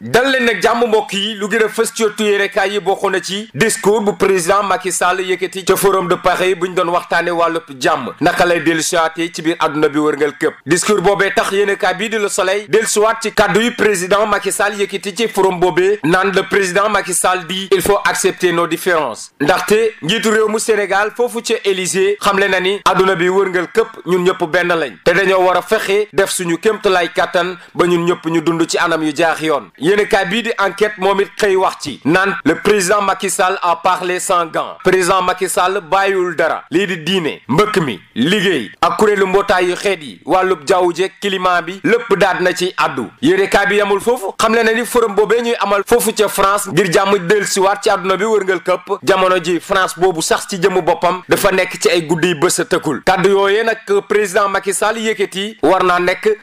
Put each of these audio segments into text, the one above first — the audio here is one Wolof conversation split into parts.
dal le nag jàmm yi discours du président Macky Sall yekiti ci forum de Paris bu doon waxtaane walup jamm naka lay bi discours tax Le Soleil del ci président Macky Sall yekiti ci forum Bobe, Nan le président Macky Sall di il faut accepter nos différences ndaxte njiitu réew mu Sénégal fofu ci Élysée xamle na ni aduna bi wërngal kep ñun lañ dañoo war def suñu lay katan ba ñun ñëpp ñu dund ci anam Yene Kabidi di enquête Momit it Nan, le président Macky a parlé sans gants président Macky Sall bàyyiwul dara lii di Akure mbëkk mi liggéey ak kuréelu mbootaayu xeet yi Adu. Yere jeeg climat bi lépp daat na ci addu bi yamul na ni forum boobee ñuy amal Fofu France ngir jàmm dellusiwaat ci àdduna bi wërngal këpp jamono ji France Bobu, sax ci Bopam, boppam dafa nekk ci ay guddi bës a président Macky Sall yëkkati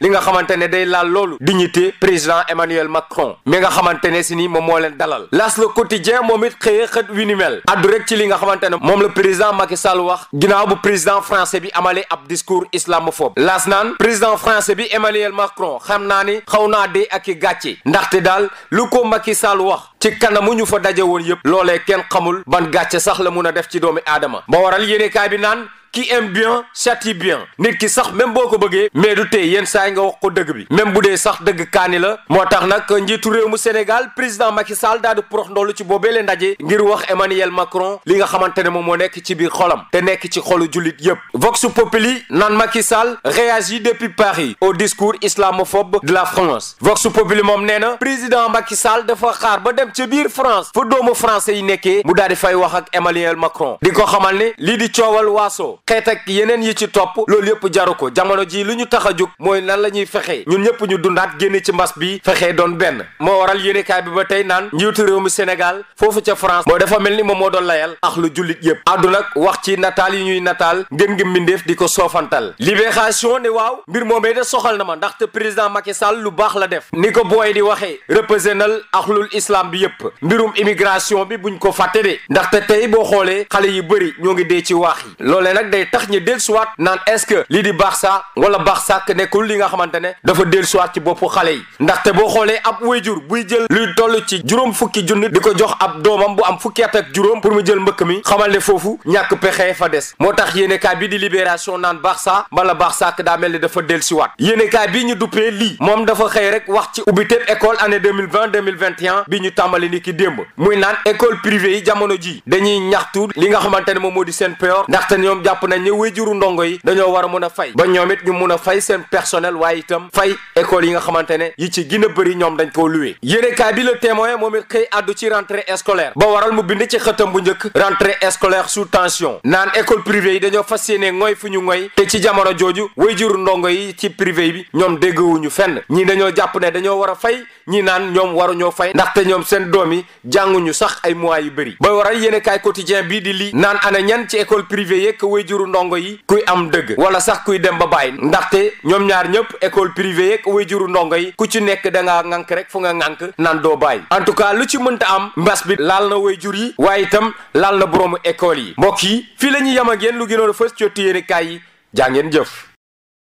li nga dignité président Emmanuel Macron Niang mi nga xamante ne si ni moom moo leen dalal las le quotidien moom it xëye xët wi ni mel addu rek ci li nga xamante ne moom la président Macky Sall wax ginnaaw bu président français bi amale ab discours islamophobe las naan président français bi Emmanuel Macron xam naa ni xaw naa dee ak i gàcce ndaxte daal lu ko Macky Sall wax ci kanamu ñu fa daje woon yëpp loole kenn xamul ban gàcce sax la mun a def ci doomi aadama ba waral yéene bi naan Qui aime bien châtie bien nit ki sax même Boko beugé mais du té yenn say nga wax ko dëgg bi même bu sax dëgg kaani la moo tax réew mu Sénégal président Macky Sall daal di porox ndollu ci bobé lé ndaje ngir wax Emmanuel Macron li nga xamanténé ne mo nek ci biir xolam té nek ci xolu julit yépp Vox Populi Macky Sall réagit depuis Paris au discours islamophobe de la France Vox Populi mom néna président Macky Sall dafa xaar ba dem ci biir France fa doomu français yi nekkee mu daal di fay wax ak Emmanuel Macron diko xamal né li di ciowal waaso xeet ak yi ci topp loolu yëpp jaru ko jamono ji lu ñu tax a jóg mooy nan la ñuy fexe ñun ñëpp ñu dundaat génne ci mbas bi fexe doon benn moo waral yéenekaay bi ba tey naan njiitu réew mi Sénégal foofu ca France dafa mel ni moom moo doon layal ax lu jullit yëpp àdduna ak wax ci nataal yi ñuy nataal ngeen ngi mbindeef di ko soofantal libération ne waaw mbir moomee de soxal na ma ndaxte président Macky Sall lu baax la def ni ko booy di waxee ak axlul islam bi yëpp mbirum immigration bi buñ ko fàtte de ndaxte tey boo xoolee xale yi bëri ñoo ngi dee ci waax yi day tax ñu soir naan est-ce que lii di Barça wala Barça nekkul li nga xamante ne dafa dellusiwaat ci boppu xale yi ndaxte boo xoolee ab wayjur buy jël luy toll ci juróom fukki junni di jox ab doomam bu am fukki at ak pour mu jël mbëkk mi xamal ne foofu ñàkk pexe fa des moo tax yéenekaay bi di libération naan Barça wala Barça daa mel ni dafa dellusiwaat yéenekaay bi ñu duppee lii moom dafa xëy rek wax ci école année 2020 2021 bi ñu tàmbali ni ki démb muy naan école privée yi jamono ji dañuy ñaxtu li nga xamante ne moom moo di ndaxte jàpp nañ yi dañoo war a mun a fay ba ñoom it ñu mun a fay seen personnel waaye itam ne ci gën a bëri ñoom dañ koo luwee yéenekaay bi Le Témoin moom it xëy addu ci rentrée scolaire ba waral mu bind ci xëtam bu njëkk rentrée scolaire sous tension naan école privée yi dañoo fas yéene ngoy fu ñu ngoy te ci jamono jooju wéjuru ndongo yi ci privé bi ñoom déggawuñu fenn ñii dañoo jàpp ne dañoo war a fay ñii naan ñoom waruñoo fay ndaxte ñoom seen doom yi jànguñu sax ay mois yu bëri ba waral yéenekaay quotidien bii di lii naan ana ñan ci école privée yeeg wéjuru wéyjuru ndongo yi kuy am dëgg wala sax kuy dem ba bàyyi ndaxte ñoom ñaar ñëpp école privée yeeg juru ndongo yi ku ci nekk da ngaa ŋànk rek fu nga ŋànk nan doo bàyyi en tout cas lu ci mënta am mbas bi laal na jur yi waaye itam laal na boroomu école yi mbokk yi fii la ñuy yem ak yéen lu gënoon a fës ci yéene kaay yi jaa ngeen jëf